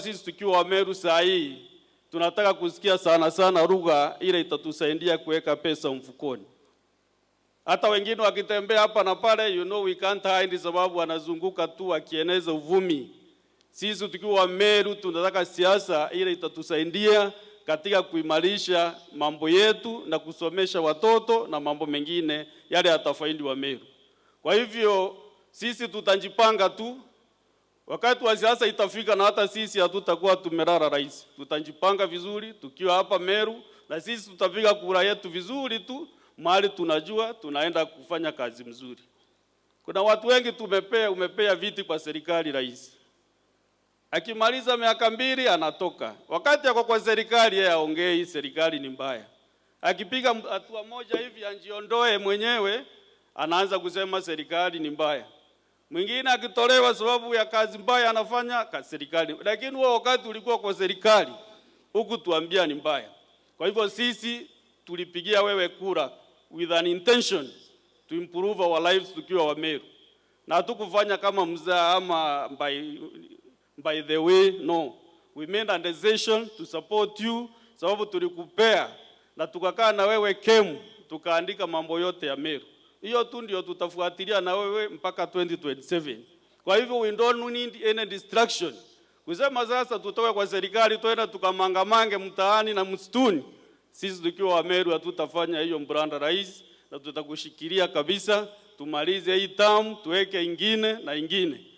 Sisi tukiwa Meru saa hii tunataka kusikia sana sana lugha ile itatusaidia kuweka pesa mfukoni. Hata wengine wakitembea hapa na pale, you know we can't hide, sababu wanazunguka tu akieneza uvumi. Sisi tukiwa meru tunataka siasa ile itatusaidia katika kuimarisha mambo yetu na kusomesha watoto na mambo mengine yale yatafaidi Meru. Kwa hivyo sisi tutajipanga tu Wakati wa siasa itafika na hata sisi hatutakuwa tumelala rais. Tutajipanga vizuri tukiwa hapa Meru na sisi tutapiga kura yetu vizuri tu mahali tunajua tunaenda kufanya kazi mzuri. Kuna watu wengi tumepea umepea viti kwa serikali rais. Akimaliza miaka mbili anatoka. Wakati ako kwa serikali yeye aongei serikali ni mbaya. Akipiga hatua moja hivi anjiondoe mwenyewe anaanza kusema serikali ni mbaya mwingine akitolewa sababu ya kazi mbaya anafanya kwa serikali, lakini huo wakati ulikuwa kwa serikali, huku tuambia ni mbaya. Kwa hivyo sisi tulipigia wewe kura with an intention to improve our lives tukiwa Meru, na hatukufanya kama mzaa ama by, by the way no, we made a decision to support you sababu tulikupea na tukakaa na wewe kemu tukaandika mambo yote ya Meru hiyo tu ndio tutafuatilia na wewe mpaka 2027. Kwa hivyo we don't need any distraction. Kusema sasa tutoke kwa serikali twenda tukamangamange mtaani na msituni, sisi tukiwa Meru hatutafanya hiyo, Mbranda Rais, na tutakushikilia kabisa, tumalize hii tamu tuweke ingine na ingine.